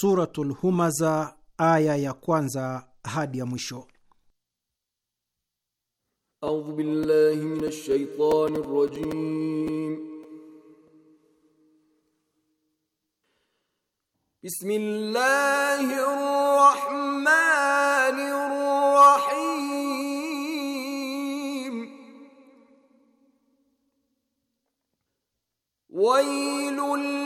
Suratul Humaza aya ya kwanza hadi ya mwisho. A'udhu billahi minash shaitani rrajim. Bismillahir rahmanir rahim. Wailul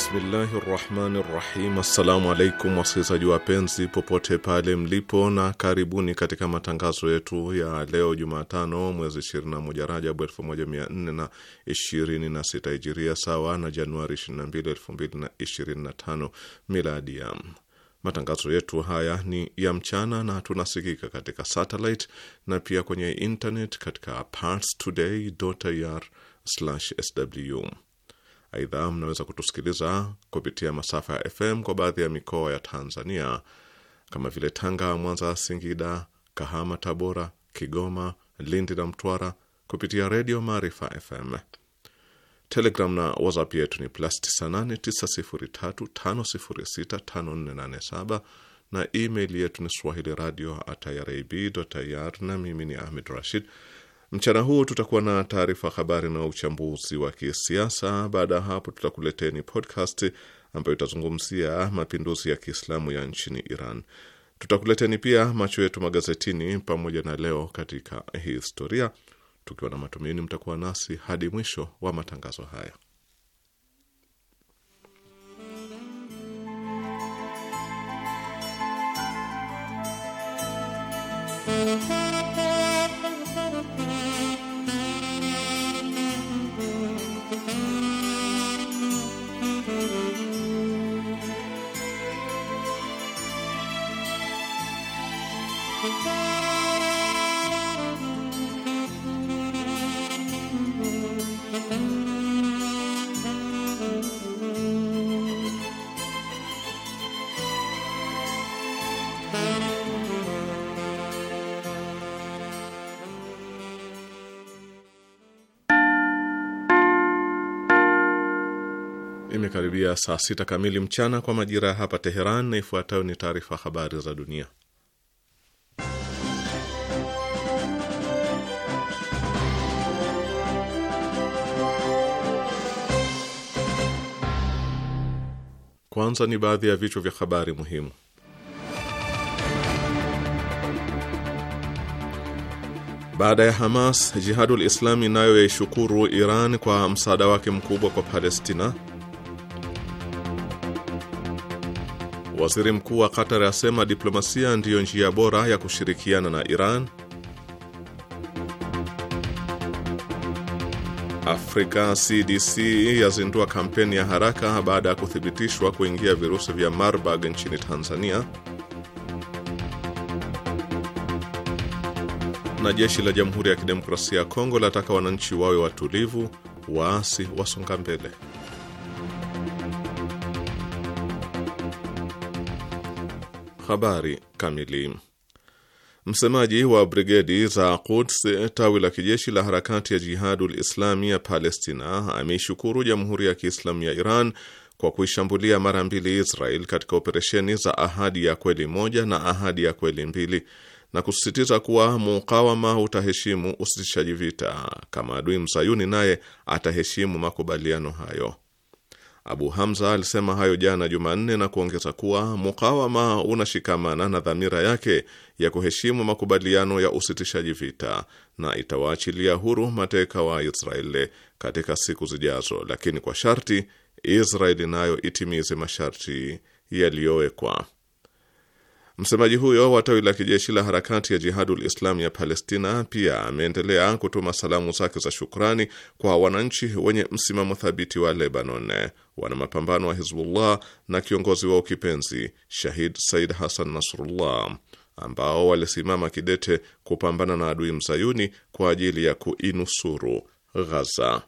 Bismillahi rahmani rahim. Assalamu alaikum wasikilizaji wapenzi popote pale mlipo, na karibuni katika matangazo yetu ya leo Jumatano mwezi 21 Rajabu 1426 Hijiria, sawa na Januari 22, 2025 Miladia. Matangazo yetu haya ni ya mchana na tunasikika katika satellite na pia kwenye internet katika parstoday.ir/sw Aidha, mnaweza kutusikiliza kupitia masafa ya FM kwa baadhi ya mikoa ya Tanzania kama vile Tanga, Mwanza, Singida, Kahama, Tabora, Kigoma, Lindi na Mtwara kupitia Redio Maarifa FM. Telegram na WhatsApp yetu ni plus 989035065487 na email yetu ni swahili radio at irib.ir, na mimi ni Ahmed Rashid Mchana huu tutakuwa na taarifa habari na uchambuzi wa kisiasa. Baada ya hapo, tutakuleteni podcast ambayo itazungumzia mapinduzi ya Kiislamu ya nchini Iran. Tutakuleteni pia macho yetu magazetini pamoja na leo katika historia, tukiwa na matumaini mtakuwa nasi hadi mwisho wa matangazo haya. imekaribia saa sita kamili mchana kwa majira ya hapa Teheran, na ifuatayo ni taarifa habari za dunia. Kwanza ni baadhi ya vichwa vya habari muhimu. Baada ya Hamas, Jihadul Islami nayo yaishukuru Iran kwa msaada wake mkubwa kwa Palestina. Waziri mkuu wa Qatar asema diplomasia ndiyo njia bora ya kushirikiana na Iran. Afrika CDC yazindua kampeni ya haraka baada ya kuthibitishwa kuingia virusi vya Marburg nchini Tanzania. Na jeshi la Jamhuri ya Kidemokrasia ya Kongo lataka wananchi wawe watulivu, waasi wasonga mbele. Habari kamili. Msemaji wa brigedi za Quds tawi la kijeshi la harakati ya Jihadul Islami ya Palestina ameishukuru Jamhuri ya Kiislamu ya Iran kwa kuishambulia mara mbili Israel katika operesheni za Ahadi ya Kweli moja na Ahadi ya Kweli mbili na kusisitiza kuwa mukawama utaheshimu usitishaji vita kama adui mzayuni naye ataheshimu makubaliano hayo. Abu Hamza alisema hayo jana Jumanne na kuongeza kuwa mukawama unashikamana na dhamira yake ya kuheshimu makubaliano ya usitishaji vita na itawaachilia huru mateka wa Israeli katika siku zijazo, lakini kwa sharti Israeli nayo itimize masharti yaliyowekwa. Msemaji huyo wa tawi la kijeshi la harakati ya Jihadul Islam ya Palestina pia ameendelea kutuma salamu zake za shukrani kwa wananchi wenye msimamo thabiti wa Lebanon, wana mapambano wa Hizbullah na kiongozi wao kipenzi Shahid Said Hassan Nasrullah ambao walisimama kidete kupambana na adui mzayuni kwa ajili ya kuinusuru Ghaza.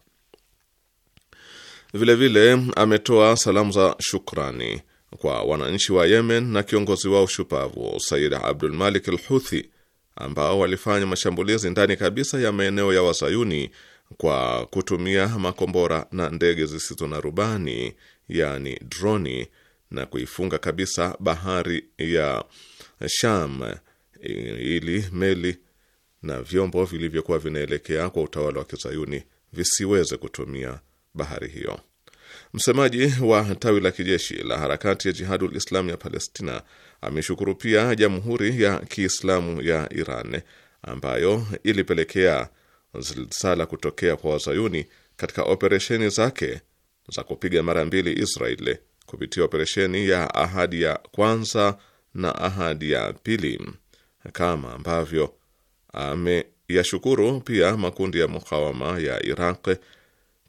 Vilevile ametoa salamu za shukrani kwa wananchi wa Yemen na kiongozi wao shupavu Said Abdul Malik al Huthi ambao walifanya mashambulizi ndani kabisa ya maeneo ya Wazayuni kwa kutumia makombora na ndege zisizo na rubani, yani droni, na kuifunga kabisa bahari ya Sham ili meli na vyombo vilivyokuwa vinaelekea kwa utawala wa Kizayuni visiweze kutumia bahari hiyo. Msemaji wa tawi la kijeshi la harakati ya Jihadul Islam ya Palestina ameshukuru pia Jamhuri ya Kiislamu ya Iran ambayo ilipelekea zilsala kutokea kwa wazayuni katika operesheni zake za kupiga mara mbili Israeli kupitia operesheni ya Ahadi ya Kwanza na Ahadi ya Pili, kama ambavyo ameyashukuru pia makundi ya mukawama ya Iraq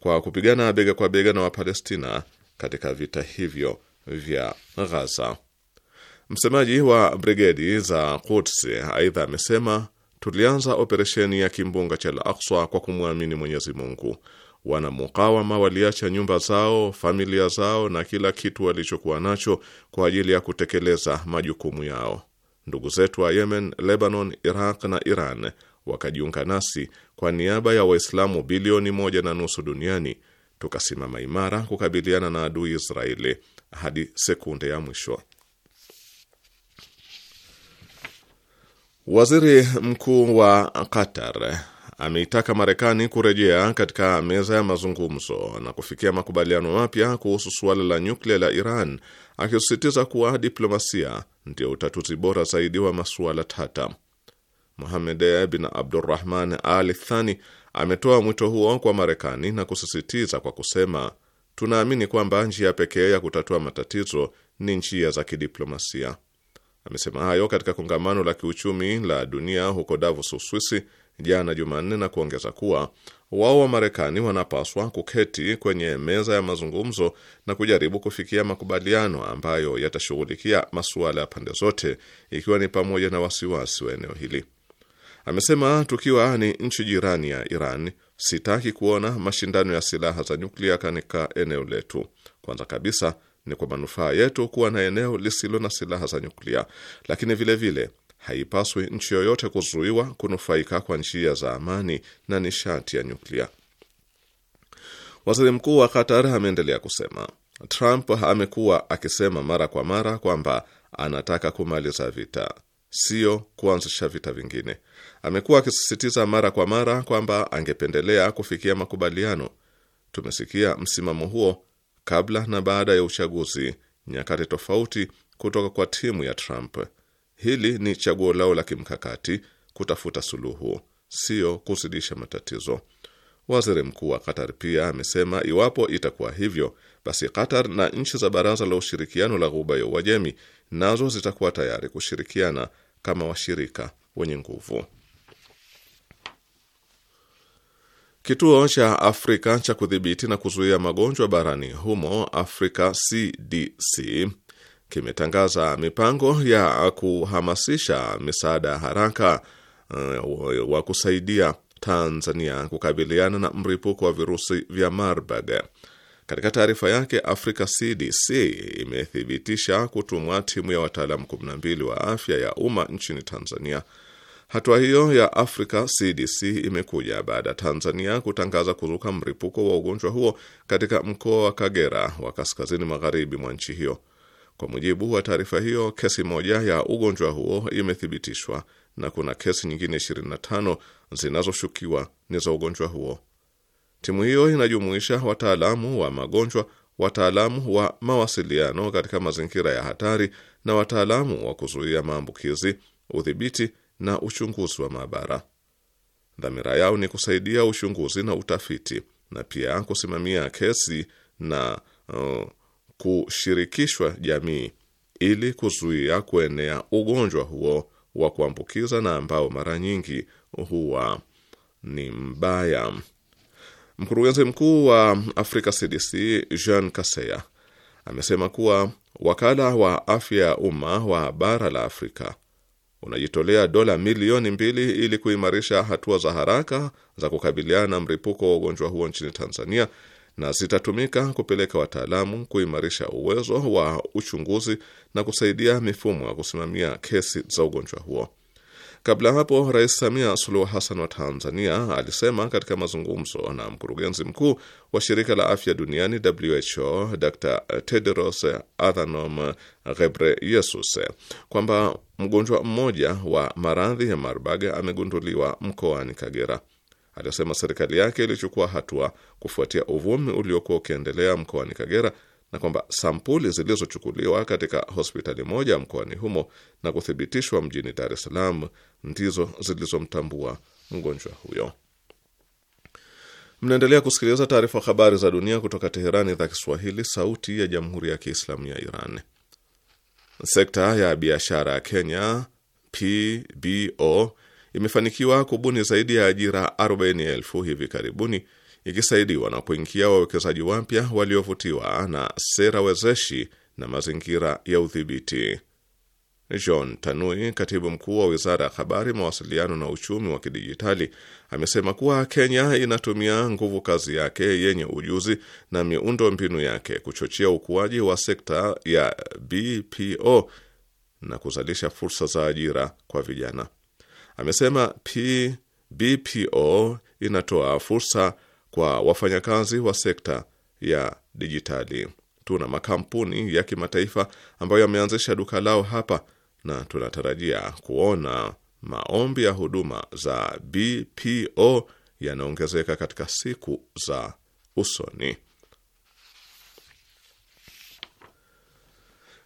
kwa kupigana bega kwa bega na Wapalestina katika vita hivyo vya Ghaza. Msemaji wa brigedi za Quds aidha amesema tulianza operesheni ya kimbunga cha Al-Aqsa kwa kumwamini Mwenyezi Mungu. Wana mukawama waliacha nyumba zao, familia zao na kila kitu walichokuwa nacho kwa ajili ya kutekeleza majukumu yao. Ndugu zetu wa Yemen, Lebanon, Iraq na Iran wakajiunga nasi kwa niaba ya Waislamu bilioni moja na nusu duniani, tukasimama imara kukabiliana na adui Israeli hadi sekunde ya mwisho. Waziri mkuu wa Qatar ameitaka Marekani kurejea katika meza ya mazungumzo na kufikia makubaliano mapya kuhusu suala la nyuklia la Iran, akisisitiza kuwa diplomasia ndio utatuzi bora zaidi wa masuala tata. Mohamed bin Abdurrahman Al Thani ametoa mwito huo kwa Marekani na kusisitiza kwa kusema, tunaamini kwamba njia pekee ya kutatua matatizo ni njia za kidiplomasia. Amesema hayo katika kongamano la kiuchumi la dunia huko Davos, Uswisi jana Jumanne na kuongeza kuwa wao wa Marekani wanapaswa kuketi kwenye meza ya mazungumzo na kujaribu kufikia makubaliano ambayo yatashughulikia masuala ya pande zote, ikiwa ni pamoja na wasiwasi wa eneo hili. Amesema tukiwa ni nchi jirani ya Iran, sitaki kuona mashindano ya silaha za nyuklia katika eneo letu. Kwanza kabisa ni kwa manufaa yetu kuwa na eneo lisilo na silaha za nyuklia, lakini vilevile vile, haipaswi nchi yoyote kuzuiwa kunufaika kwa njia za amani na nishati ya nyuklia. Waziri mkuu wa Qatar ameendelea kusema, Trump amekuwa akisema mara kwa mara kwamba anataka kumaliza vita sio kuanzisha vita vingine. Amekuwa akisisitiza mara kwa mara kwamba angependelea kufikia makubaliano. Tumesikia msimamo huo kabla na baada ya uchaguzi nyakati tofauti kutoka kwa timu ya Trump. Hili ni chaguo lao la kimkakati, kutafuta suluhu, sio kuzidisha matatizo. Waziri mkuu wa Qatar pia amesema iwapo itakuwa hivyo, basi Qatar na nchi za Baraza la Ushirikiano la Ghuba ya Uajemi nazo zitakuwa tayari kushirikiana kama washirika wenye nguvu. Kituo cha Afrika cha kudhibiti na kuzuia magonjwa barani humo, Africa CDC, kimetangaza mipango ya kuhamasisha misaada ya haraka uh, wa kusaidia Tanzania kukabiliana na mripuko wa virusi vya Marburg katika taarifa yake, Africa CDC imethibitisha kutumwa timu ya wataalamu 12 wa afya ya umma nchini Tanzania. Hatua hiyo ya Africa CDC imekuja baada ya Tanzania kutangaza kuzuka mripuko wa ugonjwa huo katika mkoa wa Kagera wa kaskazini magharibi mwa nchi hiyo. Kwa mujibu wa taarifa hiyo, kesi moja ya ugonjwa huo imethibitishwa na kuna kesi nyingine 25 zinazoshukiwa ni za ugonjwa huo. Timu hiyo inajumuisha wataalamu wa magonjwa, wataalamu wa mawasiliano katika mazingira ya hatari na wataalamu wa kuzuia maambukizi, udhibiti na uchunguzi wa maabara. Dhamira yao ni kusaidia uchunguzi na utafiti na pia kusimamia kesi na uh, kushirikishwa jamii ili kuzuia kuenea ugonjwa huo wa kuambukiza na ambao mara nyingi huwa ni mbaya. Mkurugenzi mkuu wa afrika CDC Jean Kaseya amesema kuwa wakala wa afya ya umma wa bara la Afrika unajitolea dola milioni mbili ili kuimarisha hatua za haraka za kukabiliana na mlipuko wa ugonjwa huo nchini Tanzania na zitatumika kupeleka wataalamu kuimarisha uwezo wa uchunguzi na kusaidia mifumo ya kusimamia kesi za ugonjwa huo. Kabla hapo, Rais Samia Suluhu Hassan wa Tanzania alisema katika mazungumzo na mkurugenzi mkuu wa shirika la afya duniani WHO Dr Tedros Adhanom Ghebreyesus kwamba mgonjwa mmoja wa maradhi ya Marburg amegunduliwa mkoani Kagera. Alisema serikali yake ilichukua hatua kufuatia uvumi uliokuwa ukiendelea mkoani Kagera na kwamba sampuli zilizochukuliwa katika hospitali moja mkoani humo na kuthibitishwa mjini Dar es Salaam ndizo zilizomtambua mgonjwa huyo. Mnaendelea kusikiliza taarifa habari za dunia kutoka Teherani, idhaa Kiswahili, sauti ya jamhuri ya kiislamu ya Iran. Sekta ya biashara ya Kenya PBO imefanikiwa kubuni zaidi ya ajira elfu hivi karibuni ikisaidiwa na kuingia wawekezaji wapya waliovutiwa na sera wezeshi na mazingira ya udhibiti. John Tanui, katibu mkuu wa wizara ya habari, mawasiliano na uchumi wa kidijitali, amesema kuwa Kenya inatumia nguvu kazi yake yenye ujuzi na miundo mbinu yake kuchochea ukuaji wa sekta ya BPO na kuzalisha fursa za ajira kwa vijana. Amesema P, BPO inatoa fursa kwa wafanyakazi wa sekta ya dijitali. Tuna makampuni ya kimataifa ambayo yameanzisha duka lao hapa na tunatarajia kuona maombi ya huduma za BPO yanaongezeka katika siku za usoni.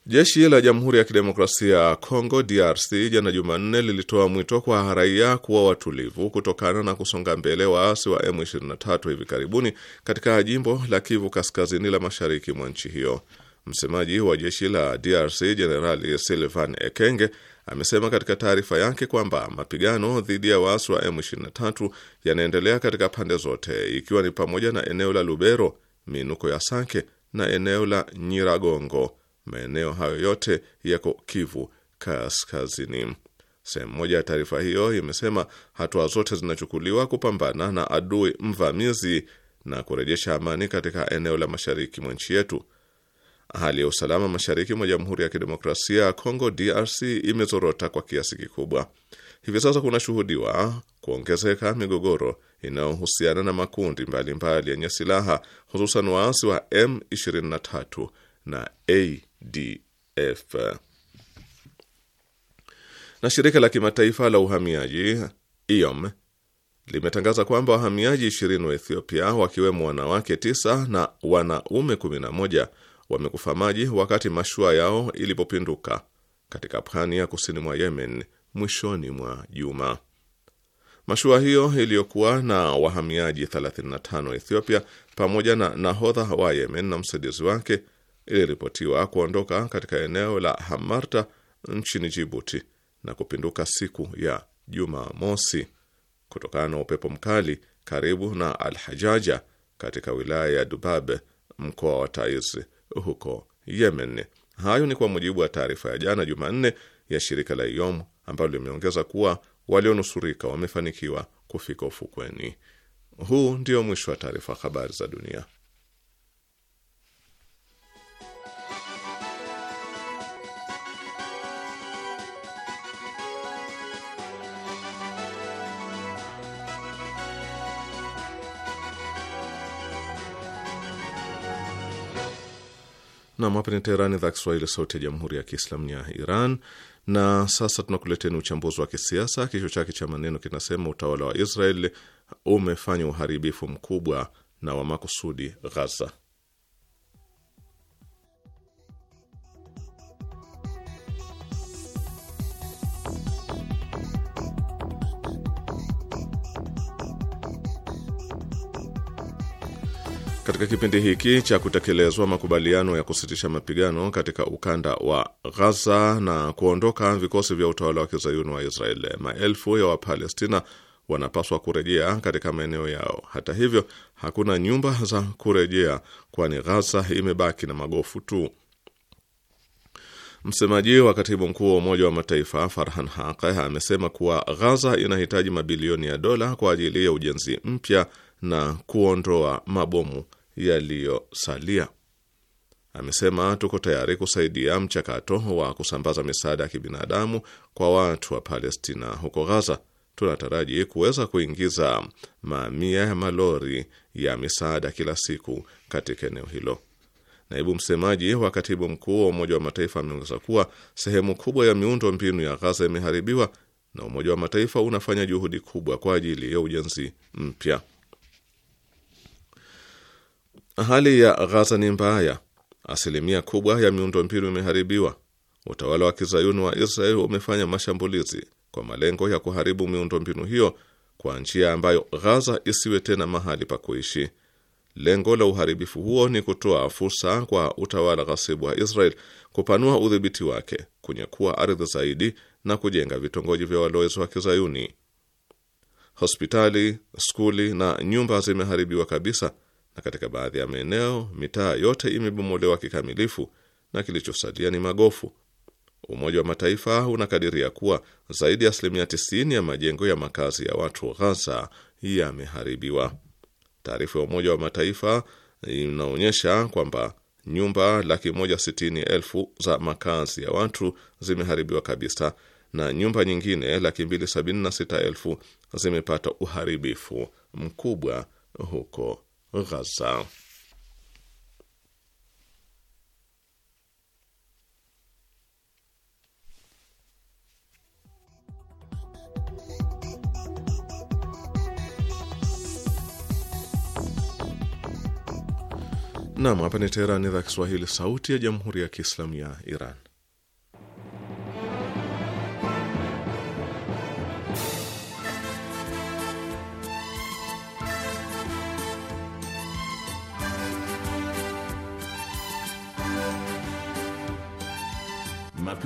Jeshi la Jamhuri ya Kidemokrasia ya Kongo DRC jana Jumanne lilitoa mwito kwa raia kuwa watulivu kutokana na kusonga mbele waasi wa M23 hivi karibuni katika jimbo la Kivu kaskazini la mashariki mwa nchi hiyo. Msemaji wa jeshi la DRC Jenerali Silvan Ekenge amesema katika taarifa yake kwamba mapigano dhidi ya waasi wa M23 yanaendelea katika pande zote, ikiwa ni pamoja na eneo la Lubero, minuko ya Sake na eneo la Nyiragongo Maeneo hayo yote yako Kivu Kaskazini. Sehemu moja ya taarifa hiyo imesema hatua zote zinachukuliwa kupambana na adui mvamizi na kurejesha amani katika eneo la mashariki mwa nchi yetu. Hali ya usalama mashariki mwa Jamhuri ya Kidemokrasia ya Kongo DRC imezorota kwa kiasi kikubwa. Hivi sasa kunashuhudiwa kuongezeka migogoro inayohusiana na makundi mbalimbali yenye mbali silaha hususan waasi wa M23 na A IDF. Na shirika la kimataifa la uhamiaji IOM limetangaza kwamba wahamiaji ishirini wa Ethiopia wakiwemo wanawake tisa na wanaume kumi na moja wamekufa maji wakati mashua yao ilipopinduka katika pwani ya kusini mwa Yemen mwishoni mwa juma. Mashua hiyo iliyokuwa na wahamiaji 35 Ethiopia pamoja na nahodha wa Yemen na msaidizi wake iliripotiwa kuondoka katika eneo la Hamarta nchini Jibuti na kupinduka siku ya Jumamosi kutokana na upepo mkali karibu na Alhajaja katika wilaya ya dubabe mkoa wa Taiz huko Yemen. Hayo ni kwa mujibu wa taarifa ya jana Jumanne ya shirika la IOM ambalo limeongeza kuwa walionusurika wamefanikiwa kufika ufukweni. Huu ndio mwisho wa taarifa habari za dunia. Nam, hapa ni Teherani, idhaa Kiswahili, sauti ya jamhuri ya kiislamu ya Iran. Na sasa tunakuleteni uchambuzi wa kisiasa, kichwa chake cha maneno kinasema utawala wa Israel umefanya uharibifu mkubwa na wa makusudi Ghaza. Katika kipindi hiki cha kutekelezwa makubaliano ya kusitisha mapigano katika ukanda wa Ghaza na kuondoka vikosi vya utawala wa kizayuni wa Israel, maelfu ya Wapalestina wanapaswa kurejea katika maeneo yao. Hata hivyo, hakuna nyumba za kurejea, kwani Ghaza imebaki na magofu tu. Msemaji wa katibu mkuu wa Umoja wa Mataifa Farhan Haq amesema kuwa Ghaza inahitaji mabilioni ya dola kwa ajili ya ujenzi mpya na kuondoa mabomu yaliyosalia. Amesema tuko tayari kusaidia mchakato wa kusambaza misaada ya kibinadamu kwa watu wa Palestina huko Gaza. Tunataraji kuweza kuingiza mamia ya malori ya misaada kila siku katika eneo hilo. Naibu msemaji wa katibu mkuu wa Umoja wa Mataifa ameongeza kuwa sehemu kubwa ya miundo mbinu ya Gaza imeharibiwa na Umoja wa Mataifa unafanya juhudi kubwa kwa ajili ya ujenzi mpya. Hali ya Ghaza ni mbaya, asilimia kubwa ya miundombinu imeharibiwa. Utawala wa kizayuni wa Israel umefanya mashambulizi kwa malengo ya kuharibu miundombinu hiyo kwa njia ambayo Ghaza isiwe tena mahali pa kuishi. Lengo la uharibifu huo ni kutoa fursa kwa utawala ghasibu wa Israel kupanua udhibiti wake, kunyakua ardhi zaidi na kujenga vitongoji vya walowezi wa kizayuni. Hospitali, skuli na nyumba zimeharibiwa kabisa na katika baadhi ya maeneo mitaa yote imebomolewa kikamilifu na kilichosalia ni magofu. Umoja wa Mataifa unakadiria kuwa zaidi ya asilimia 90 ya majengo ya makazi ya watu Ghaza yameharibiwa. Taarifa ya Umoja wa Mataifa inaonyesha kwamba nyumba laki moja sitini elfu za makazi ya watu zimeharibiwa kabisa na nyumba nyingine laki mbili sabini na sita elfu zimepata uharibifu mkubwa huko Ghaza. Nam, hapa ni Teherani, idhaa Kiswahili, sauti ya jamhuri ya kiislamu ya Iran.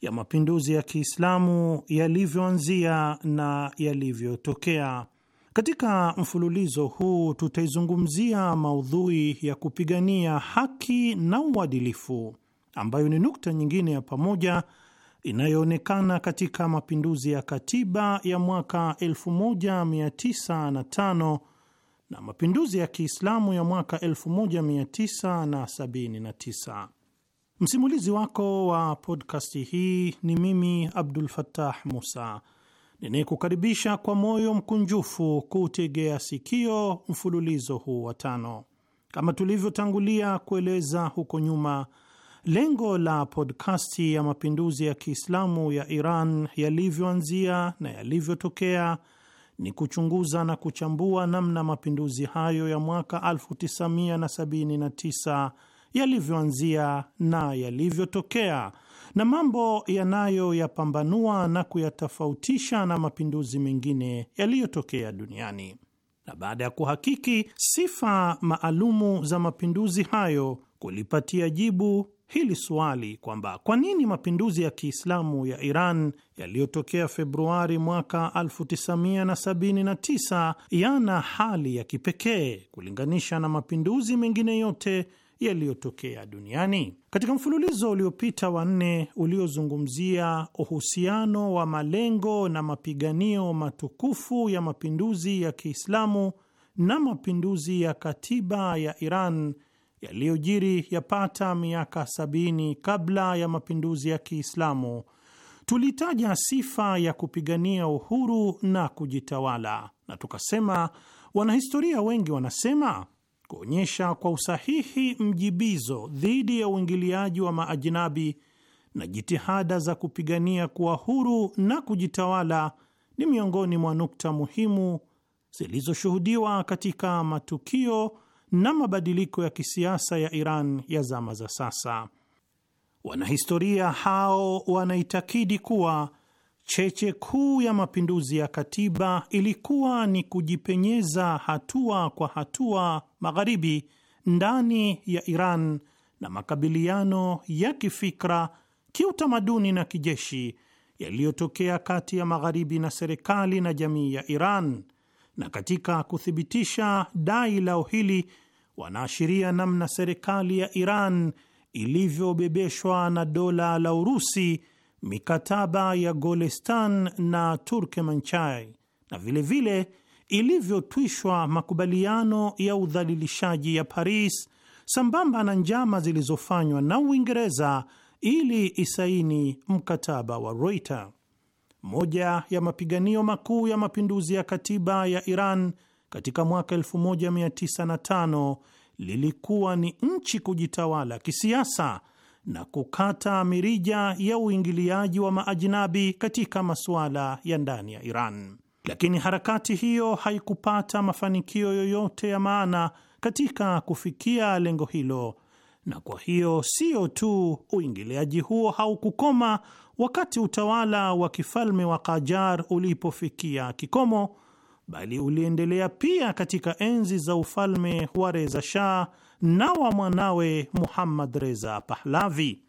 ya mapinduzi ya Kiislamu yalivyoanzia na yalivyotokea. Katika mfululizo huu tutaizungumzia maudhui ya kupigania haki na uadilifu, ambayo ni nukta nyingine ya pamoja inayoonekana katika mapinduzi ya katiba ya mwaka 1905 na mapinduzi ya Kiislamu ya mwaka 1979. Msimulizi wako wa podkasti hii ni mimi Abdul Fattah Musa ninayekukaribisha kwa moyo mkunjufu kuutegea sikio mfululizo huu wa tano. Kama tulivyotangulia kueleza huko nyuma, lengo la podkasti ya mapinduzi ya Kiislamu ya Iran yalivyoanzia na yalivyotokea ni kuchunguza na kuchambua namna mapinduzi hayo ya mwaka 1979 yalivyoanzia na yalivyotokea na mambo yanayoyapambanua na kuyatofautisha na mapinduzi mengine yaliyotokea duniani. Na baada ya kuhakiki sifa maalumu za mapinduzi hayo, kulipatia jibu hili suali kwamba kwa nini mapinduzi ya Kiislamu ya Iran yaliyotokea Februari mwaka 1979 yana hali ya kipekee kulinganisha na mapinduzi mengine yote yaliyotokea duniani. Katika mfululizo uliopita wa nne uliozungumzia uhusiano wa malengo na mapiganio matukufu ya mapinduzi ya Kiislamu na mapinduzi ya katiba ya Iran yaliyojiri yapata miaka sabini kabla ya mapinduzi ya Kiislamu, tulitaja sifa ya kupigania uhuru na kujitawala, na tukasema wanahistoria wengi wanasema kuonyesha kwa usahihi mjibizo dhidi ya uingiliaji wa maajinabi na jitihada za kupigania kuwa huru na kujitawala ni miongoni mwa nukta muhimu zilizoshuhudiwa katika matukio na mabadiliko ya kisiasa ya Iran ya zama za sasa. Wanahistoria hao wanaitakidi kuwa cheche kuu ya mapinduzi ya katiba ilikuwa ni kujipenyeza hatua kwa hatua magharibi ndani ya Iran na makabiliano ya kifikra, kiutamaduni na kijeshi yaliyotokea kati ya magharibi na serikali na jamii ya Iran. Na katika kuthibitisha dai lao hili, wanaashiria namna serikali ya Iran ilivyobebeshwa na dola la Urusi mikataba ya Golestan na Turkemanchai na vilevile ilivyotwishwa makubaliano ya udhalilishaji ya Paris sambamba na njama zilizofanywa na Uingereza ili isaini mkataba wa Roita. Moja ya mapiganio makuu ya mapinduzi ya katiba ya Iran katika mwaka 1905 lilikuwa ni nchi kujitawala kisiasa na kukata mirija ya uingiliaji wa maajnabi katika masuala ya ndani ya Iran. Lakini harakati hiyo haikupata mafanikio yoyote ya maana katika kufikia lengo hilo, na kwa hiyo sio tu uingiliaji huo haukukoma wakati utawala wa kifalme wa kajar ulipofikia kikomo, bali uliendelea pia katika enzi za ufalme wa Reza Shah na wa mwanawe Muhammad Reza Pahlavi.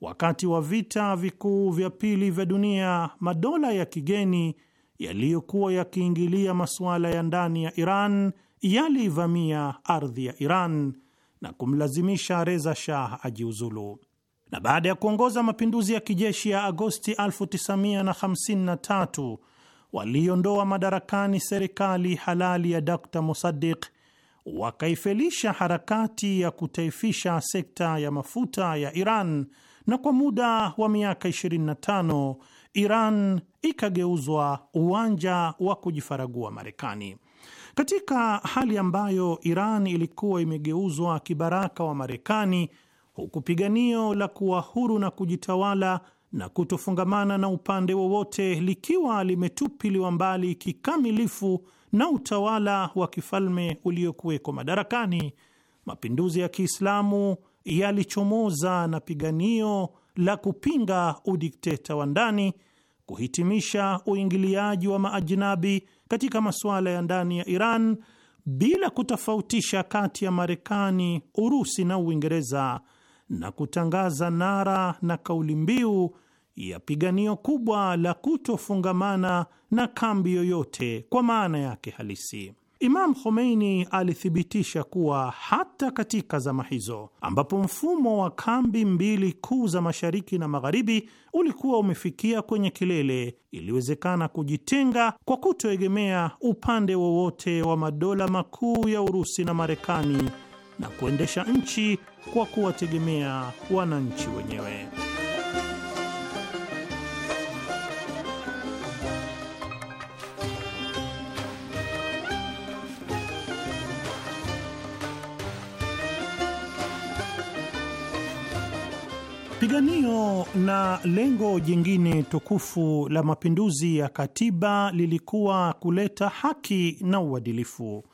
Wakati wa vita vikuu vya pili vya dunia, madola ya kigeni yaliyokuwa yakiingilia masuala ya ndani ya Iran yaliivamia ardhi ya Iran na kumlazimisha Reza Shah ajiuzulu. Na baada ya kuongoza mapinduzi ya kijeshi ya Agosti 1953 waliondoa madarakani serikali halali ya Dr musadik wakaifelisha harakati ya kutaifisha sekta ya mafuta ya Iran na kwa muda wa miaka 25 Iran ikageuzwa uwanja wa kujifaragua Marekani. Katika hali ambayo Iran ilikuwa imegeuzwa kibaraka wa Marekani, huku piganio la kuwa huru na kujitawala na kutofungamana na upande wowote likiwa limetupiliwa mbali kikamilifu na utawala wa kifalme uliokuweko madarakani, mapinduzi ya Kiislamu yalichomoza na piganio la kupinga udikteta wa ndani, kuhitimisha uingiliaji wa maajinabi katika masuala ya ndani ya Iran bila kutofautisha kati ya Marekani, Urusi na Uingereza, na kutangaza nara na kauli mbiu ya piganio kubwa la kutofungamana na kambi yoyote kwa maana yake halisi. Imam Khomeini alithibitisha kuwa hata katika zama hizo ambapo mfumo wa kambi mbili kuu za mashariki na magharibi ulikuwa umefikia kwenye kilele, iliwezekana kujitenga kwa kutoegemea upande wowote wa madola makuu ya Urusi na Marekani na kuendesha nchi kwa kuwategemea wananchi wenyewe. Piganio na lengo jingine tukufu la mapinduzi ya katiba lilikuwa kuleta haki na uadilifu.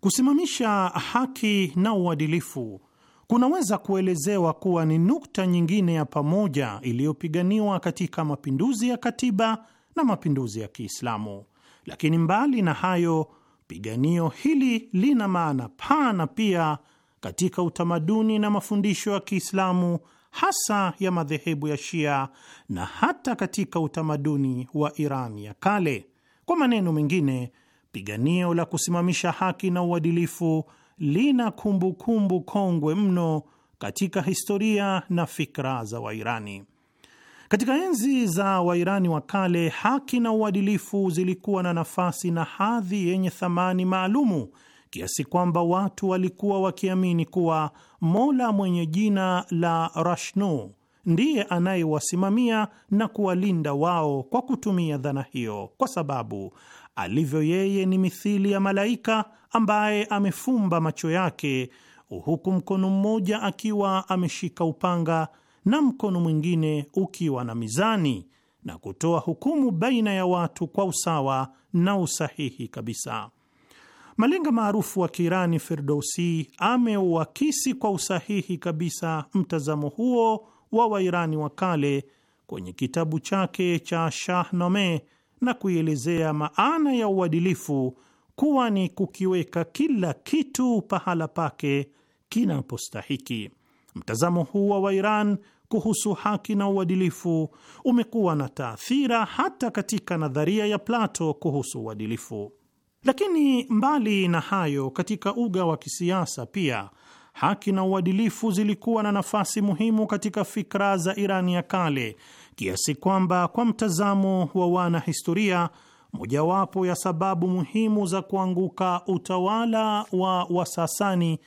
Kusimamisha haki na uadilifu kunaweza kuelezewa kuwa ni nukta nyingine ya pamoja iliyopiganiwa katika mapinduzi ya katiba na mapinduzi ya Kiislamu. Lakini mbali na hayo, piganio hili lina maana pana pia katika utamaduni na mafundisho ya Kiislamu hasa ya madhehebu ya Shia na hata katika utamaduni wa Iran ya kale. Kwa maneno mengine, piganio la kusimamisha haki na uadilifu lina kumbukumbu kumbu kongwe mno katika historia na fikra za Wairani. Katika enzi za Wairani wa kale, haki na uadilifu zilikuwa na nafasi na hadhi yenye thamani maalumu kiasi kwamba watu walikuwa wakiamini kuwa Mola mwenye jina la Rashnu ndiye anayewasimamia na kuwalinda wao kwa kutumia dhana hiyo, kwa sababu alivyo yeye ni mithili ya malaika ambaye amefumba macho yake, huku mkono mmoja akiwa ameshika upanga na mkono mwingine ukiwa na mizani na kutoa hukumu baina ya watu kwa usawa na usahihi kabisa. Malenga maarufu wa Kiirani Firdousi ameuakisi kwa usahihi kabisa mtazamo huo wa Wairani wa kale kwenye kitabu chake cha nome na kuielezea maana ya uadilifu kuwa ni kukiweka kila kitu pahala pake kinapostahiki. Mtazamo huu wa Iran kuhusu haki na uadilifu umekuwa na taathira hata katika nadharia ya Plato kuhusu uadilifu. Lakini mbali na hayo, katika uga wa kisiasa pia haki na uadilifu zilikuwa na nafasi muhimu katika fikra za Irani ya kale, kiasi kwamba kwa mtazamo wa wanahistoria, mojawapo ya sababu muhimu za kuanguka utawala wa Wasasani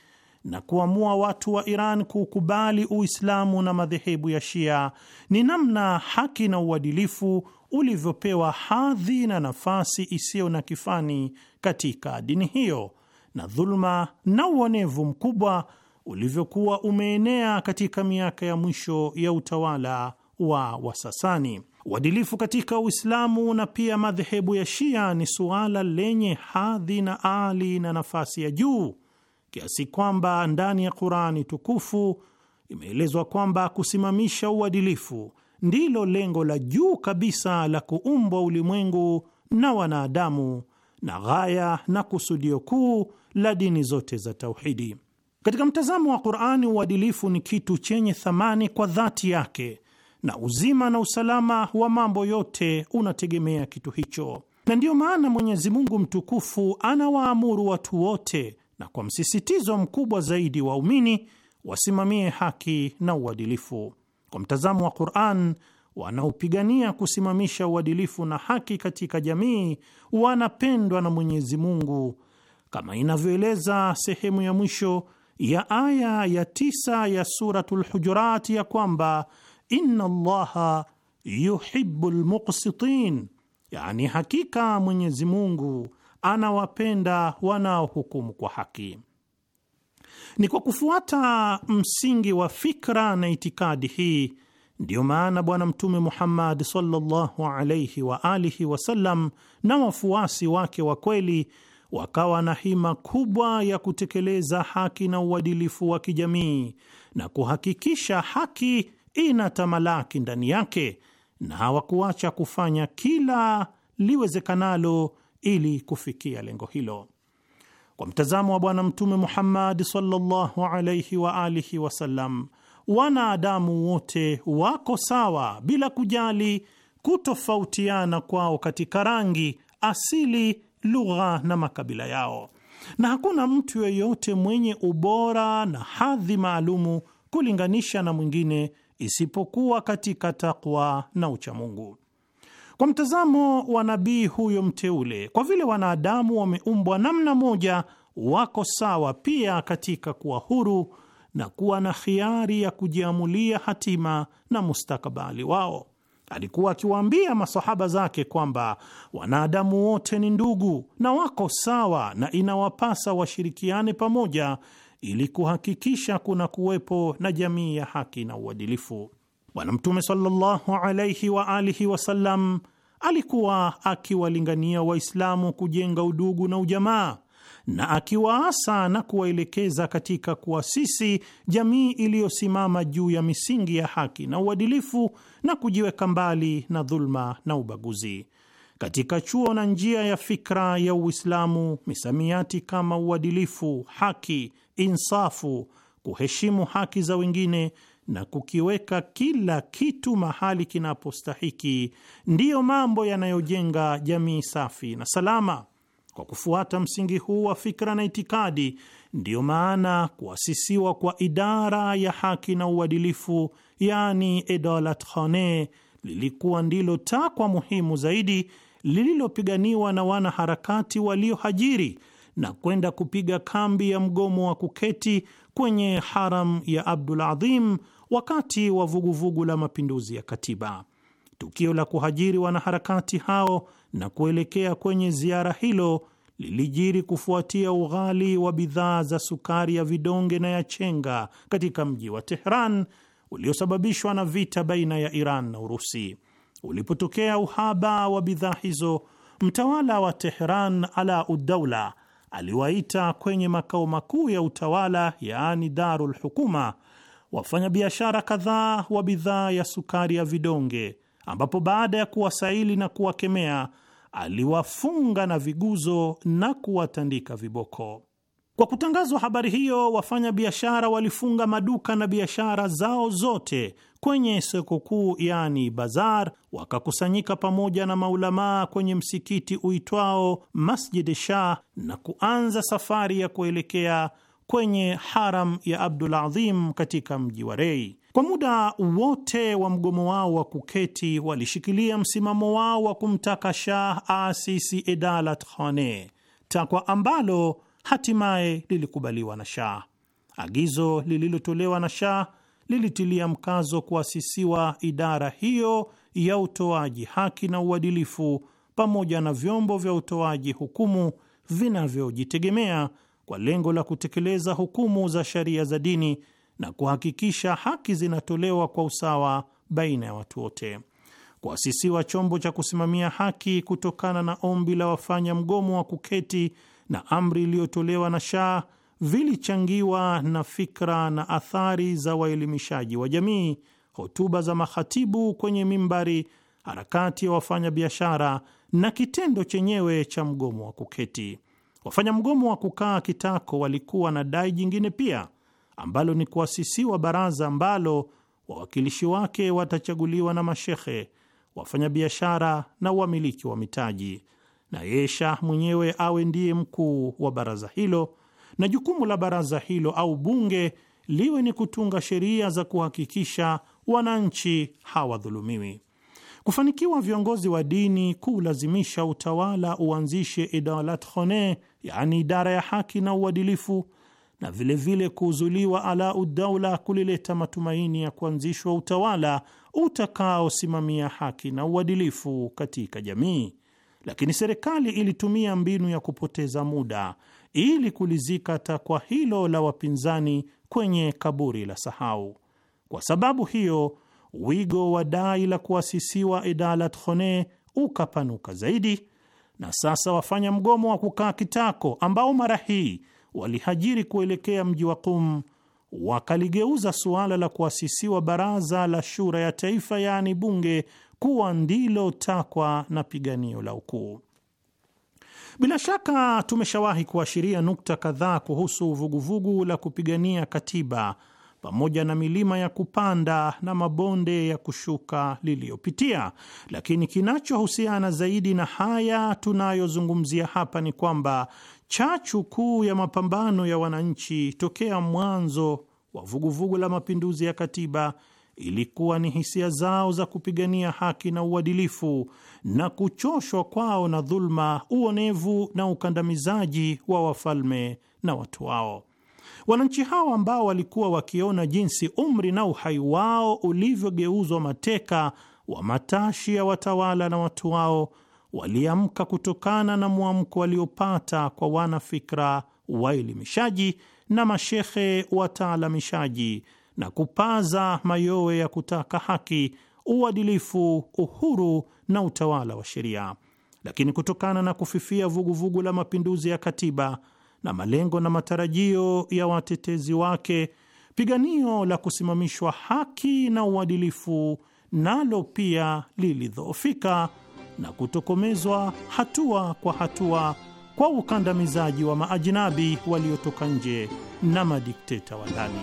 na kuamua watu wa Iran kukubali Uislamu na madhehebu ya Shia ni namna haki na uadilifu ulivyopewa hadhi na nafasi isiyo na kifani katika dini hiyo na dhuluma na uonevu mkubwa ulivyokuwa umeenea katika miaka ya mwisho ya utawala wa Wasasani. Uadilifu katika Uislamu na pia madhehebu ya Shia ni suala lenye hadhi na ali na nafasi ya juu kiasi kwamba ndani ya Qurani tukufu imeelezwa kwamba kusimamisha uadilifu ndilo lengo la juu kabisa la kuumbwa ulimwengu na wanadamu na ghaya na kusudio kuu la dini zote za tauhidi. Katika mtazamo wa Qur'ani, uadilifu ni kitu chenye thamani kwa dhati yake, na uzima na usalama wa mambo yote unategemea kitu hicho, na ndiyo maana Mwenyezi Mungu mtukufu anawaamuru watu wote, na kwa msisitizo mkubwa zaidi, waumini wasimamie haki na uadilifu. Kwa mtazamo wa Quran, wanaopigania kusimamisha uadilifu na haki katika jamii wanapendwa na Mwenyezi Mungu kama inavyoeleza sehemu ya mwisho ya aya ya tisa ya Suratul Hujurat ya kwamba inna Allaha yuhibu lmuksitin yani hakika Mwenyezi Mungu anawapenda wanaohukumu kwa haki. Ni kwa kufuata msingi wa fikra na itikadi hii ndiyo maana Bwana Mtume Muhammad sallallahu alaihi wa alihi wasallam na wafuasi wake wa kweli wakawa na hima kubwa ya kutekeleza haki na uadilifu wa kijamii na kuhakikisha haki ina tamalaki ndani yake, na hawakuacha kufanya kila liwezekanalo ili kufikia lengo hilo. Kwa mtazamo wa Bwana Mtume Muhammad sallallahu alaihi wa alihi wasallam, wanadamu wote wako sawa bila kujali kutofautiana kwao katika rangi, asili, lugha na makabila yao, na hakuna mtu yeyote mwenye ubora na hadhi maalumu kulinganisha na mwingine isipokuwa katika takwa na uchamungu. Kwa mtazamo wa nabii huyo mteule, kwa vile wanadamu wameumbwa namna moja, wako sawa pia katika kuwa huru na kuwa na khiari ya kujiamulia hatima na mustakabali wao. Alikuwa akiwaambia masahaba zake kwamba wanadamu wote ni ndugu na wako sawa, na inawapasa washirikiane pamoja ili kuhakikisha kuna kuwepo na jamii ya haki na uadilifu. Bwana Mtume sallallahu alaihi wa alihi wasallam alikuwa akiwalingania Waislamu kujenga udugu na ujamaa na akiwaasa na kuwaelekeza katika kuasisi jamii iliyosimama juu ya misingi ya haki na uadilifu na kujiweka mbali na dhulma na ubaguzi. Katika chuo na njia ya fikra ya Uislamu, misamiati kama uadilifu, haki, insafu, kuheshimu haki za wengine na kukiweka kila kitu mahali kinapostahiki, ndiyo mambo yanayojenga jamii safi na salama. Kwa kufuata msingi huu wa fikra na itikadi, ndiyo maana kuasisiwa kwa idara ya haki na uadilifu, yani edalatkhane, lilikuwa ndilo takwa muhimu zaidi lililopiganiwa na wanaharakati waliohajiri na kwenda kupiga kambi ya mgomo wa kuketi kwenye haram ya Abdul Adhim wakati wa vuguvugu la mapinduzi ya katiba. Tukio la kuhajiri wanaharakati hao na kuelekea kwenye ziara hilo lilijiri kufuatia ughali wa bidhaa za sukari ya vidonge na ya chenga katika mji wa Tehran uliosababishwa na vita baina ya Iran na Urusi. Ulipotokea uhaba wa bidhaa hizo, mtawala wa Tehran ala udaula aliwaita kwenye makao makuu ya utawala, yaani Darul Hukuma wafanyabiashara kadhaa wa bidhaa ya sukari ya vidonge, ambapo baada ya kuwasaili na kuwakemea aliwafunga na viguzo na kuwatandika viboko. Kwa kutangazwa habari hiyo, wafanyabiashara walifunga maduka na biashara zao zote kwenye soko kuu, yani bazar, wakakusanyika pamoja na maulamaa kwenye msikiti uitwao Masjid Shah na kuanza safari ya kuelekea kwenye haram ya Abdul Adhim katika mji wa Rei. Kwa muda wote wa mgomo wao wa kuketi walishikilia msimamo wao wa kumtaka Shah aasisi Edalat Khane, takwa ambalo hatimaye lilikubaliwa na Shah. Agizo lililotolewa na Shah lilitilia mkazo kuasisiwa idara hiyo ya utoaji haki na uadilifu pamoja na vyombo vya utoaji hukumu vinavyojitegemea kwa lengo la kutekeleza hukumu za sharia za dini na kuhakikisha haki zinatolewa kwa usawa baina ya watu wote. Kuasisiwa chombo cha kusimamia haki kutokana na ombi la wafanya mgomo wa kuketi na amri iliyotolewa na Shah vilichangiwa na fikra na athari za waelimishaji wa jamii, hotuba za mahatibu kwenye mimbari, harakati ya wafanyabiashara na kitendo chenyewe cha mgomo wa kuketi. Wafanya mgomo wa kukaa kitako walikuwa na dai jingine pia ambalo ni kuasisiwa baraza ambalo wawakilishi wake watachaguliwa na mashehe, wafanyabiashara na wamiliki wa mitaji, na yeye Shah mwenyewe awe ndiye mkuu wa baraza hilo, na jukumu la baraza hilo au bunge liwe ni kutunga sheria za kuhakikisha wananchi hawadhulumiwi. Kufanikiwa viongozi wa dini kulazimisha utawala uanzishe idalat khone, yaani idara ya haki na uadilifu, na vilevile kuuzuliwa Alaudaula kulileta matumaini ya kuanzishwa utawala utakaosimamia haki na uadilifu katika jamii, lakini serikali ilitumia mbinu ya kupoteza muda ili kulizika takwa hilo la wapinzani kwenye kaburi la sahau. Kwa sababu hiyo wigo wa dai la kuasisiwa Idalat Khone ukapanuka zaidi, na sasa wafanya mgomo wa kukaa kitako ambao mara hii walihajiri kuelekea mji wa Qum wakaligeuza suala la kuasisiwa baraza la shura ya taifa, yaani bunge, kuwa ndilo takwa na piganio la ukuu. Bila shaka tumeshawahi kuashiria nukta kadhaa kuhusu vuguvugu la kupigania katiba pamoja na milima ya kupanda na mabonde ya kushuka liliyopitia. Lakini kinachohusiana zaidi na haya tunayozungumzia hapa ni kwamba chachu kuu ya mapambano ya wananchi tokea mwanzo wa vuguvugu la mapinduzi ya katiba ilikuwa ni hisia zao za kupigania haki na uadilifu na kuchoshwa kwao na dhuluma, uonevu na ukandamizaji wa wafalme na watu wao. Wananchi hao ambao walikuwa wakiona jinsi umri na uhai wao ulivyogeuzwa mateka wa matashi ya watawala na watu wao, waliamka kutokana na mwamko waliopata kwa wanafikra waelimishaji na mashekhe wataalamishaji na kupaza mayowe ya kutaka haki, uadilifu, uhuru na utawala wa sheria. Lakini kutokana na kufifia vuguvugu vugu la mapinduzi ya katiba na malengo na matarajio ya watetezi wake, piganio la kusimamishwa haki na uadilifu nalo pia lilidhoofika na kutokomezwa hatua kwa hatua kwa ukandamizaji wa maajinabi waliotoka nje na madikteta wa ndani.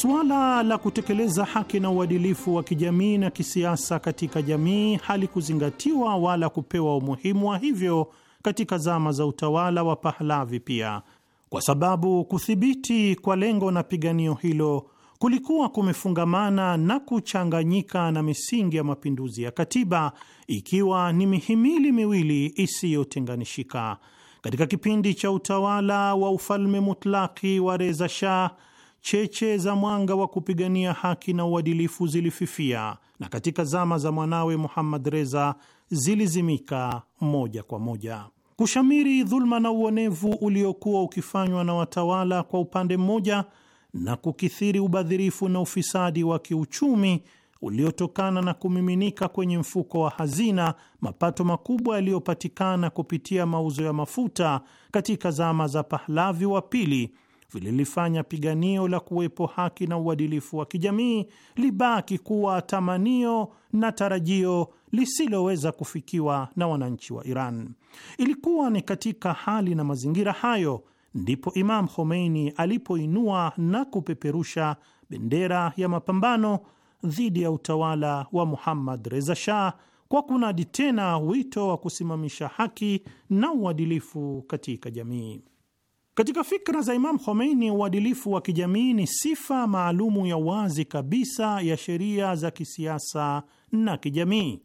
Suala la kutekeleza haki na uadilifu wa kijamii na kisiasa katika jamii halikuzingatiwa wala kupewa umuhimu wa hivyo katika zama za utawala wa Pahlavi pia, kwa sababu kuthibiti kwa lengo na piganio hilo kulikuwa kumefungamana na kuchanganyika na misingi ya mapinduzi ya katiba, ikiwa ni mihimili miwili isiyotenganishika. Katika kipindi cha utawala wa ufalme mutlaki wa Reza Shah cheche za mwanga wa kupigania haki na uadilifu zilififia na katika zama za mwanawe Muhammad Reza zilizimika moja kwa moja. Kushamiri dhuluma na uonevu uliokuwa ukifanywa na watawala kwa upande mmoja na kukithiri ubadhirifu na ufisadi wa kiuchumi uliotokana na kumiminika kwenye mfuko wa hazina mapato makubwa yaliyopatikana kupitia mauzo ya mafuta katika zama za Pahlavi wa pili vililifanya piganio la kuwepo haki na uadilifu wa kijamii libaki kuwa tamanio na tarajio lisiloweza kufikiwa na wananchi wa Iran. Ilikuwa ni katika hali na mazingira hayo ndipo Imam Khomeini alipoinua na kupeperusha bendera ya mapambano dhidi ya utawala wa Muhammad Reza Shah kwa kunadi tena wito wa kusimamisha haki na uadilifu katika jamii. Katika fikra za Imam Khomeini, uadilifu wa kijamii ni sifa maalumu ya wazi kabisa ya sheria za kisiasa na kijamii,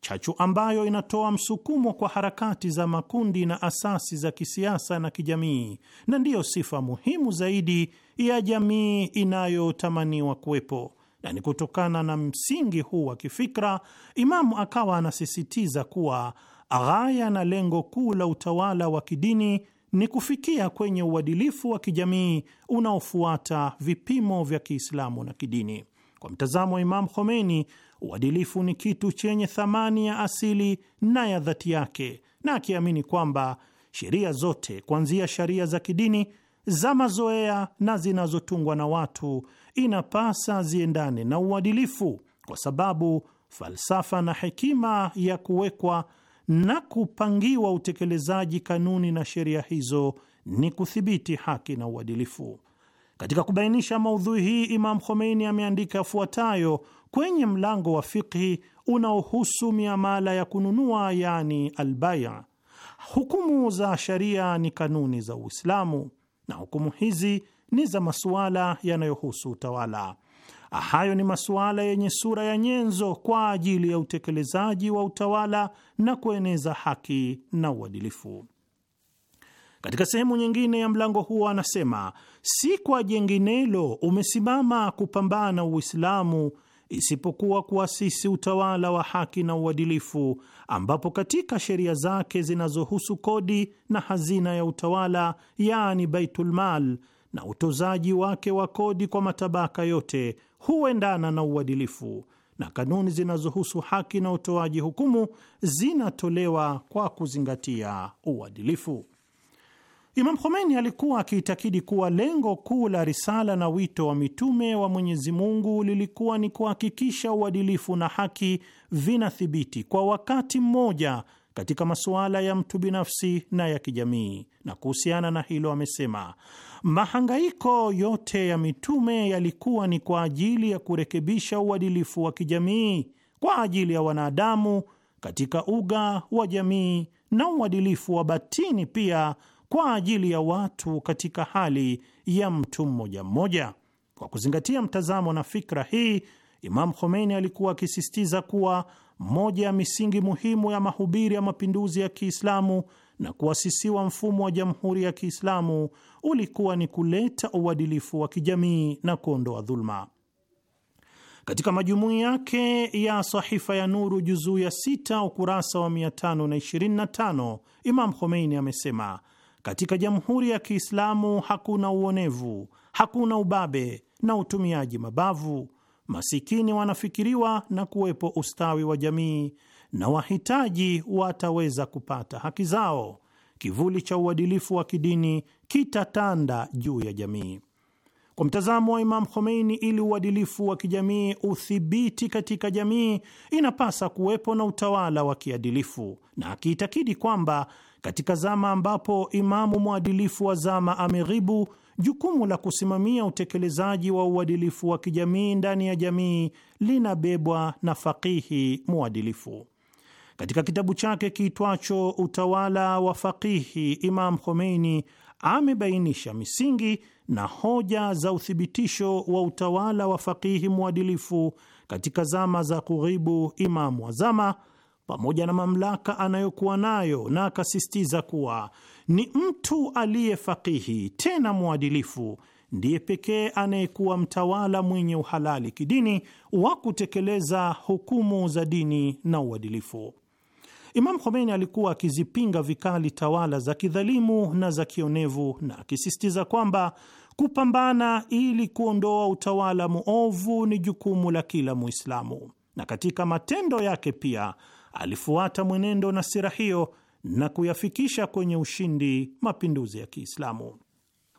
chachu ambayo inatoa msukumo kwa harakati za makundi na asasi za kisiasa na kijamii, na ndiyo sifa muhimu zaidi ya jamii inayotamaniwa kuwepo. Na ni kutokana na msingi huu wa kifikra, Imamu akawa anasisitiza kuwa ghaya na lengo kuu la utawala wa kidini ni kufikia kwenye uadilifu wa kijamii unaofuata vipimo vya Kiislamu na kidini. Kwa mtazamo wa Imam Khomeini, uadilifu ni kitu chenye thamani ya asili na ya dhati yake, na akiamini kwamba sheria zote kuanzia sheria za kidini, za mazoea na zinazotungwa na watu inapasa ziendane na uadilifu, kwa sababu falsafa na hekima ya kuwekwa na kupangiwa utekelezaji kanuni na sheria hizo ni kuthibiti haki na uadilifu. Katika kubainisha maudhui hii, Imam Khomeini ameandika yafuatayo kwenye mlango wa fikhi unaohusu miamala ya kununua, yani albaya: hukumu za sharia ni kanuni za Uislamu, na hukumu hizi ni za masuala yanayohusu utawala. Hayo ni masuala yenye sura ya nyenzo kwa ajili ya utekelezaji wa utawala na kueneza haki na uadilifu. Katika sehemu nyingine ya mlango huo anasema, si kwa jenginelo umesimama kupambana Uislamu isipokuwa kuasisi utawala wa haki na uadilifu, ambapo katika sheria zake zinazohusu kodi na hazina ya utawala, yaani baitulmal, na utozaji wake wa kodi kwa matabaka yote huendana na uadilifu na kanuni zinazohusu haki na utoaji hukumu zinatolewa kwa kuzingatia uadilifu. Imam Khomeini alikuwa akiitakidi kuwa lengo kuu la risala na wito wa mitume wa Mwenyezi Mungu lilikuwa ni kuhakikisha uadilifu na haki vinathibiti kwa wakati mmoja katika masuala ya mtu binafsi na ya kijamii. Na kuhusiana na hilo amesema mahangaiko yote ya mitume yalikuwa ni kwa ajili ya kurekebisha uadilifu wa kijamii kwa ajili ya wanadamu katika uga wa jamii na uadilifu wa batini pia kwa ajili ya watu katika hali ya mtu mmoja mmoja. Kwa kuzingatia mtazamo na fikra hii, Imam Khomeini alikuwa akisisitiza kuwa moja ya misingi muhimu ya mahubiri ya mapinduzi ya Kiislamu na kuasisiwa mfumo wa jamhuri ya Kiislamu ulikuwa ni kuleta uadilifu wa kijamii na kuondoa dhuluma. Katika majumui yake ya Sahifa ya Nuru juzuu ya sita ukurasa wa 525 Imam Khomeini amesema, katika jamhuri ya Kiislamu hakuna uonevu, hakuna ubabe na utumiaji mabavu masikini wanafikiriwa na kuwepo ustawi wa jamii na wahitaji wataweza kupata haki zao. Kivuli cha uadilifu wa kidini kitatanda juu ya jamii. Kwa mtazamo wa Imam Khomeini, ili uadilifu wa kijamii uthibiti katika jamii, inapasa kuwepo na utawala wa kiadilifu, na akiitakidi kwamba katika zama ambapo imamu mwadilifu wa zama ameghibu Jukumu la kusimamia utekelezaji wa uadilifu wa kijamii ndani ya jamii linabebwa na fakihi mwadilifu. Katika kitabu chake kiitwacho Utawala wa Fakihi, Imam Khomeini amebainisha misingi na hoja za uthibitisho wa utawala wa fakihi mwadilifu katika zama za kughibu Imamu wa zama, pamoja na mamlaka anayokuwa nayo, na akasisitiza kuwa ni mtu aliye fakihi tena mwadilifu ndiye pekee anayekuwa mtawala mwenye uhalali kidini wa kutekeleza hukumu za dini na uadilifu. Imam Khomeini alikuwa akizipinga vikali tawala za kidhalimu na za kionevu na akisisitiza kwamba kupambana ili kuondoa utawala muovu ni jukumu la kila Muislamu, na katika matendo yake pia alifuata mwenendo na sira hiyo na kuyafikisha kwenye ushindi mapinduzi ya Kiislamu.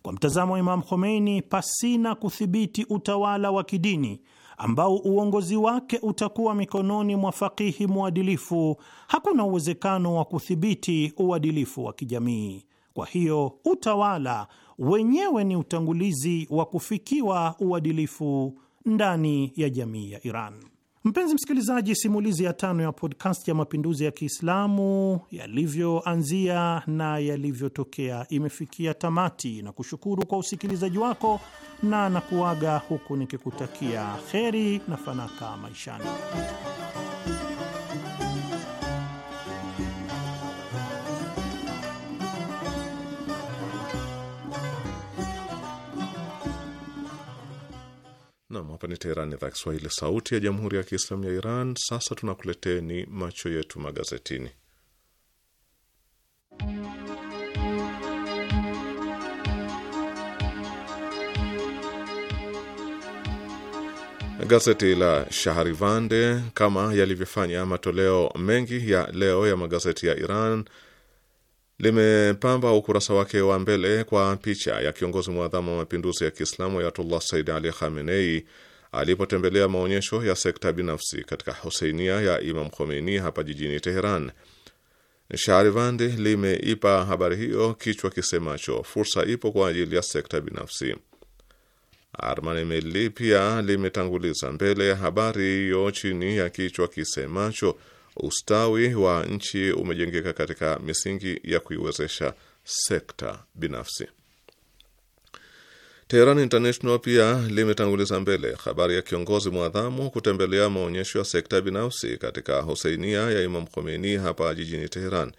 Kwa mtazamo wa Imam Khomeini, pasina kuthibiti utawala wa kidini ambao uongozi wake utakuwa mikononi mwa fakihi mwadilifu, hakuna uwezekano wa kuthibiti uadilifu wa kijamii. Kwa hiyo utawala wenyewe ni utangulizi wa kufikiwa uadilifu ndani ya jamii ya Iran. Mpenzi msikilizaji, simulizi ya tano ya podcast ya mapinduzi ya Kiislamu yalivyoanzia na yalivyotokea imefikia tamati, na kushukuru kwa usikilizaji wako na nakuaga huku nikikutakia kheri na fanaka maishani. Nam, hapa ni Teherani, idhaa Kiswahili, sauti ya jamhuri ya kiislamu ya Iran. Sasa tunakuleteni macho yetu magazetini. Gazeti la Shaharivande, kama yalivyofanya matoleo mengi ya leo ya magazeti ya Iran, limepamba ukurasa wake wa mbele kwa picha ya kiongozi mwadhamu wa mapinduzi ya Kiislamu Ayatullah Said Ali Khamenei alipotembelea maonyesho ya sekta binafsi katika Huseinia ya Imam Khomeini hapa jijini Teheran. Shahrivand limeipa habari hiyo kichwa kisemacho fursa ipo kwa ajili ya sekta binafsi. Armani Meli pia limetanguliza mbele ya habari hiyo chini ya kichwa kisemacho Ustawi wa nchi umejengeka katika misingi ya kuiwezesha sekta binafsi. Teheran International pia limetanguliza mbele habari ya kiongozi mwadhamu kutembelea maonyesho ya sekta binafsi katika Huseinia ya Imam Khomeini hapa jijini Teheran.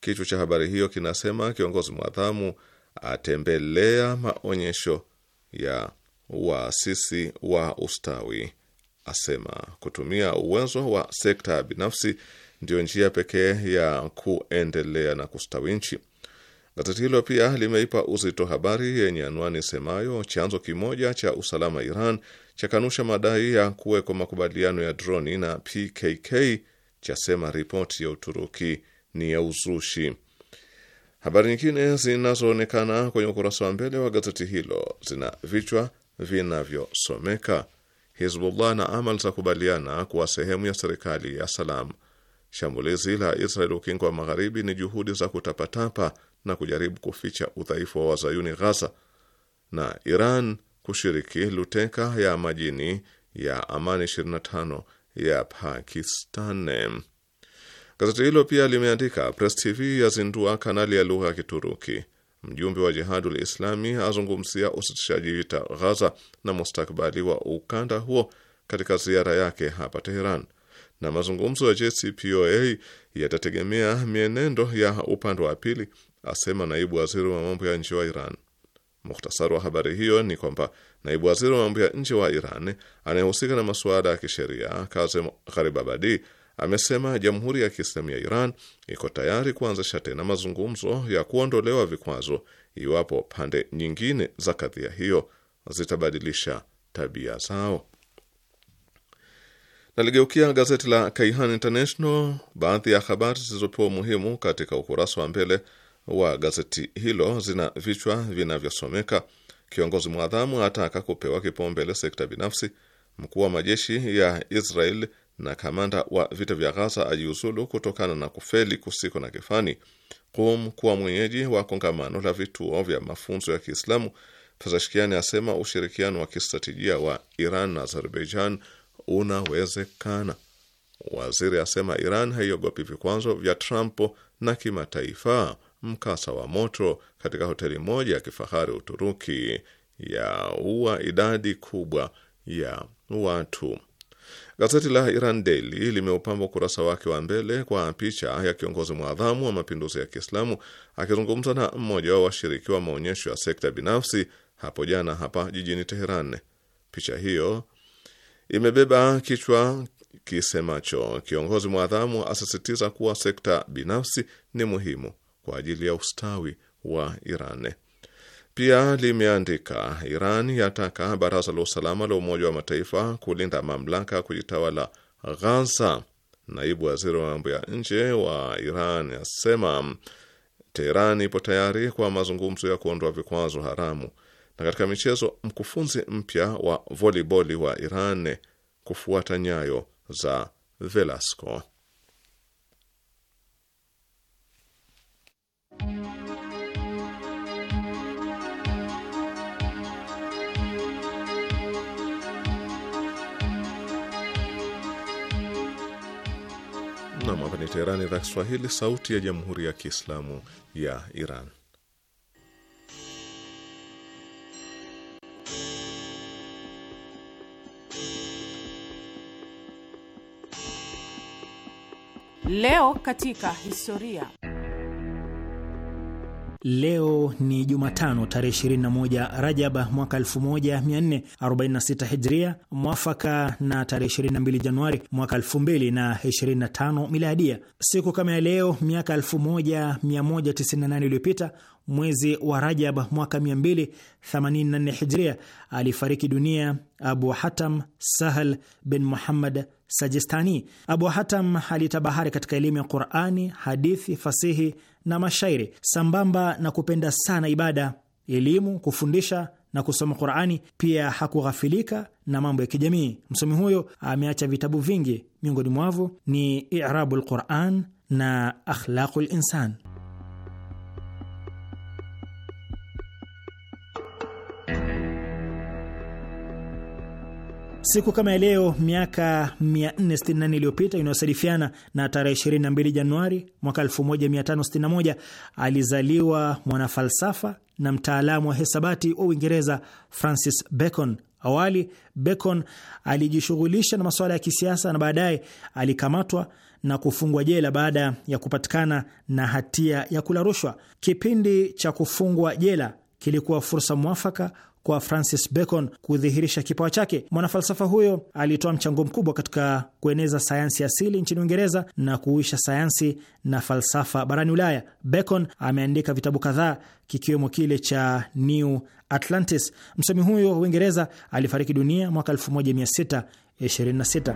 Kichwa cha habari hiyo kinasema kiongozi mwadhamu atembelea maonyesho ya waasisi wa ustawi asema kutumia uwezo wa sekta binafsi ndiyo njia pekee ya kuendelea na kustawi nchi. Gazeti hilo pia limeipa uzito habari yenye anwani semayo chanzo kimoja cha usalama Iran chakanusha madai ya kuwekwa makubaliano ya droni na PKK, chasema ripoti ya Uturuki ni ya uzushi. Habari nyingine zinazoonekana kwenye ukurasa wa mbele wa gazeti hilo zina vichwa vinavyosomeka Hizbullah na Amal za kubaliana kuwa sehemu ya serikali ya Salam. Shambulizi la Israel ukingo wa magharibi ni juhudi za kutapatapa na kujaribu kuficha udhaifu wa wazayuni Ghaza, na Iran kushiriki luteka ya majini ya Amani 25 ya Pakistan. Gazeti hilo pia limeandika Press TV yazindua kanali ya lugha ya Kituruki Mjumbe wa Jihadul Islami azungumzia usitishaji vita Ghaza na mustakbali wa ukanda huo katika ziara yake hapa Teheran, na mazungumzo ya JCPOA yatategemea mienendo ya upande wa pili, asema naibu waziri wa mambo ya nje wa Iran. Muhtasari wa habari hiyo ni kwamba naibu waziri wa mambo ya nje wa Iran anayehusika na masuala ya kisheria Kazem Gharibabadi amesema Jamhuri ya Kiislamu ya Iran iko tayari kuanzisha tena mazungumzo ya kuondolewa vikwazo iwapo pande nyingine za kadhia hiyo zitabadilisha tabia zao. Naligeukia gazeti la Kaihan International. Baadhi ya habari zilizopewa umuhimu katika ukurasa wa mbele wa gazeti hilo zina vichwa vinavyosomeka: kiongozi mwadhamu ataka kupewa kipaumbele sekta binafsi; mkuu wa majeshi ya Israel na kamanda wa vita vya Ghaza ajiuzulu kutokana na kufeli kusiko na kifani, Qum kuwa mwenyeji wa kongamano la vituo vya mafunzo ya Kiislamu, Pezeshkiani asema ushirikiano wa kistratejia wa Iran na Azerbaijan unawezekana. Waziri asema Iran haiogopi vikwazo vya Trump na kimataifa. Mkasa wa moto katika hoteli moja ya kifahari Uturuki ya ua idadi kubwa ya watu. Gazeti la Iran Daily limeupamba ukurasa wake wa mbele kwa picha ya kiongozi mwadhamu wa mapinduzi ya Kiislamu akizungumza na mmoja wa washiriki wa maonyesho ya sekta binafsi hapo jana hapa jijini Teheran. Picha hiyo imebeba kichwa kisemacho kiongozi mwadhamu asisitiza kuwa sekta binafsi ni muhimu kwa ajili ya ustawi wa Iran. Pia limeandika Iran yataka baraza la usalama la Umoja wa Mataifa kulinda mamlaka kujitawala Ghaza. Naibu waziri wa mambo ya nje wa Iran asema Teheran ipo tayari kwa mazungumzo ya kuondoa vikwazo haramu. Na katika michezo, mkufunzi mpya wa voliboli wa Iran kufuata nyayo za Velasco. Nam, hapa ni Teherani, idhaa Kiswahili, sauti ya jamhuri ya kiislamu ya Iran. Leo katika historia Leo ni Jumatano tarehe 21 rajab mwaka 1446 Hijria, mwafaka na tarehe 22 Januari mwaka 2025 Miladia. Siku kama ya leo miaka 1198 iliyopita mwezi wa Rajab mwaka 284 Hijria alifariki dunia Abu Hatam Sahal bin Muhammad Sajistani. Abu Hatam alitabahari katika elimu ya Qurani, hadithi, fasihi na mashairi, sambamba na kupenda sana ibada, elimu, kufundisha na kusoma Qurani. Pia hakughafilika na mambo ya kijamii. Msomi huyo ameacha vitabu vingi, miongoni mwavo ni Irabu lquran na Akhlaqu linsan. Siku kama ya leo miaka 464 iliyopita inayosadifiana na tarehe 22 Januari mwaka 1561 alizaliwa mwanafalsafa na mtaalamu wa hesabati wa Uingereza Francis Bacon. Awali Bacon alijishughulisha na masuala ya kisiasa na baadaye alikamatwa na kufungwa jela baada ya kupatikana na hatia ya kula rushwa. Kipindi cha kufungwa jela kilikuwa fursa mwafaka kwa Francis Bacon kudhihirisha kipawa chake. Mwanafalsafa huyo alitoa mchango mkubwa katika kueneza sayansi asili nchini Uingereza na kuuisha sayansi na falsafa barani Ulaya. Bacon ameandika vitabu kadhaa kikiwemo kile cha New Atlantis. Msomi huyo wa Uingereza alifariki dunia mwaka 1626.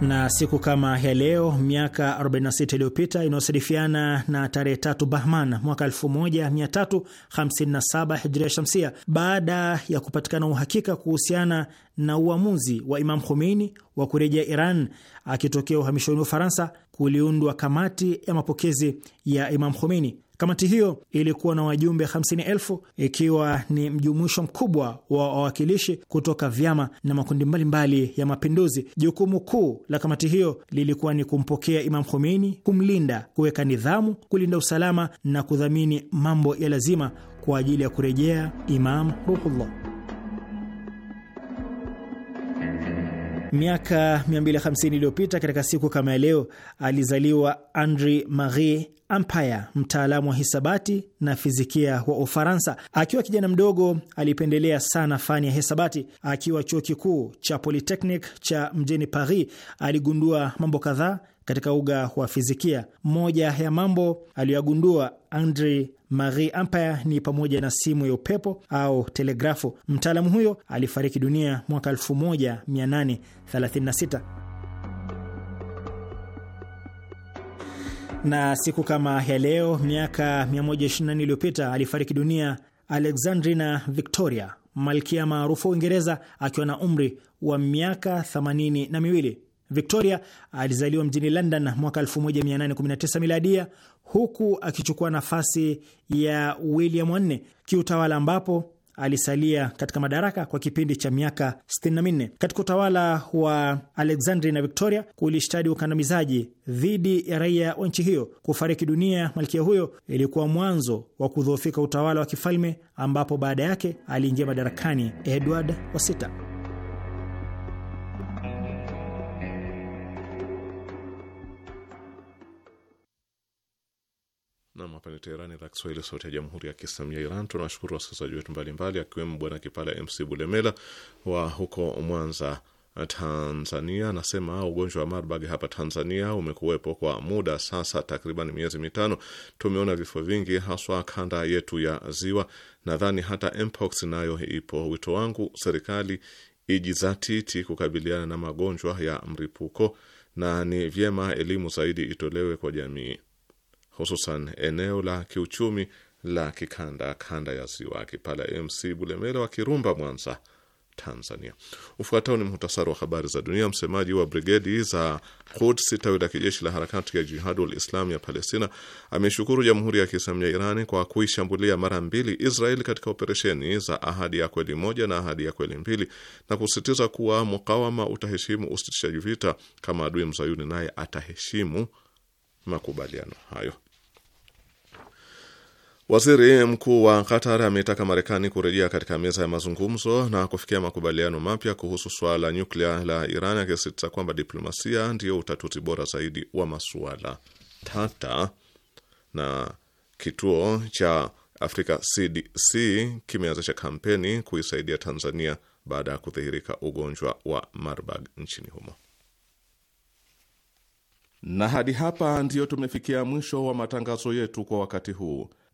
na siku kama ya leo miaka 46 iliyopita inayosadifiana na tarehe tatu Bahman mwaka 1357 hijria shamsia, baada ya kupatikana uhakika kuhusiana na uamuzi wa Imam Khomeini wa kurejea Iran akitokea uhamishoni wa Ufaransa, kuliundwa kamati ya mapokezi ya Imam Khomeini. Kamati hiyo ilikuwa na wajumbe 50,000 ikiwa ni mjumuisho mkubwa wa wawakilishi kutoka vyama na makundi mbalimbali mbali ya mapinduzi. Jukumu kuu la kamati hiyo lilikuwa ni kumpokea Imam Khomeini, kumlinda, kuweka nidhamu, kulinda usalama na kudhamini mambo ya lazima kwa ajili ya kurejea Imam Ruhullah. Miaka 250 iliyopita katika siku kama ya leo alizaliwa Andri Marie Ampere, mtaalamu wa hisabati na fizikia wa Ufaransa. Akiwa kijana mdogo, alipendelea sana fani ya hisabati. Akiwa chuo kikuu cha Polytechnic cha mjini Paris, aligundua mambo kadhaa katika uga wa fizikia. Moja ya mambo aliyoyagundua Andre Marie Ampere ni pamoja na simu ya upepo au telegrafu. Mtaalamu huyo alifariki dunia mwaka 1836. Na siku kama ya leo miaka 124 iliyopita alifariki dunia Alexandrina Victoria, malkia maarufu wa Uingereza akiwa na umri wa miaka na miwili Victoria alizaliwa mjini London mwaka 1819 miladia, huku akichukua nafasi ya William wanne kiutawala, ambapo alisalia katika madaraka kwa kipindi cha miaka 64. Katika utawala wa alexandri na Victoria kulishtadi ukandamizaji dhidi ya raia wa nchi hiyo. Kufariki dunia malkia huyo ilikuwa mwanzo wa kudhoofika utawala wa kifalme, ambapo baada yake aliingia madarakani Edward wa sita. pale Teherani, idhaa Kiswahili, sauti ya jamhuri ya kiislamu ya Iran. Tunawashukuru wasikilizaji wetu mbalimbali, akiwemo bwana Kipala MC Bulemela wa huko Mwanza, Tanzania. Anasema ugonjwa wa Marburg hapa Tanzania umekuwepo kwa muda sasa, takriban miezi mitano. Tumeona vifo vingi, haswa kanda yetu ya Ziwa. Nadhani hata mpox nayo ipo. Wito wangu serikali ijizatiti kukabiliana na magonjwa ya mripuko na ni vyema elimu zaidi itolewe kwa jamii hususan eneo la kiuchumi la kikanda kanda ya ziwa Kipala MC Bulemela wa Kirumba, Mwanza, Tanzania. Ufuatao ni muhtasari wa habari za dunia. Msemaji wa brigedi za Quds, tawi la kijeshi la harakati ya Jihadul Islam ya Palestina, ameshukuru Jamhuri ya Kiislamu ya Irani kwa kuishambulia mara mbili Israeli katika operesheni za Ahadi ya Kweli moja na Ahadi ya Kweli mbili na kusisitiza kuwa mukawama utaheshimu usitishaji vita kama adui mzayuni naye ataheshimu makubaliano hayo. Waziri mkuu wa Qatar ameitaka Marekani kurejea katika meza ya mazungumzo na kufikia makubaliano mapya kuhusu suala la nyuklia la Iran, akisisitiza kwamba diplomasia ndiyo utatuzi bora zaidi wa masuala tata. Na kituo cha Afrika CDC kimeanzisha kampeni kuisaidia Tanzania baada ya kudhihirika ugonjwa wa Marburg nchini humo. Na hadi hapa ndiyo tumefikia mwisho wa matangazo yetu kwa wakati huu.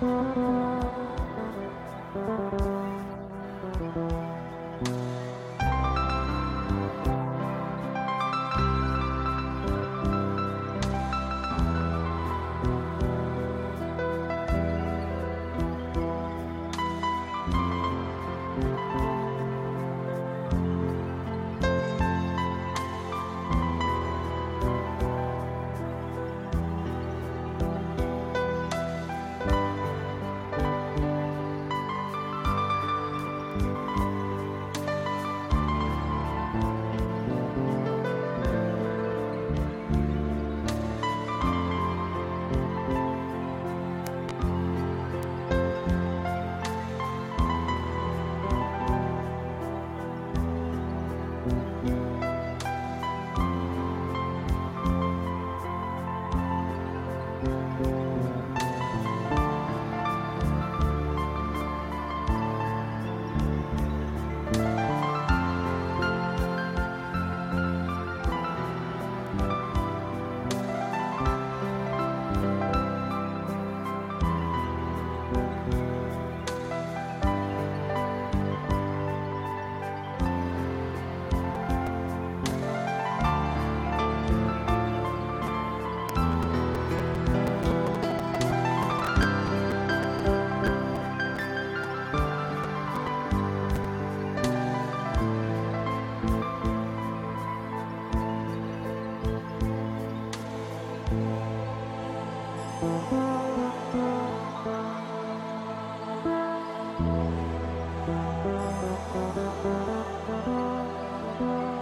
Thank you.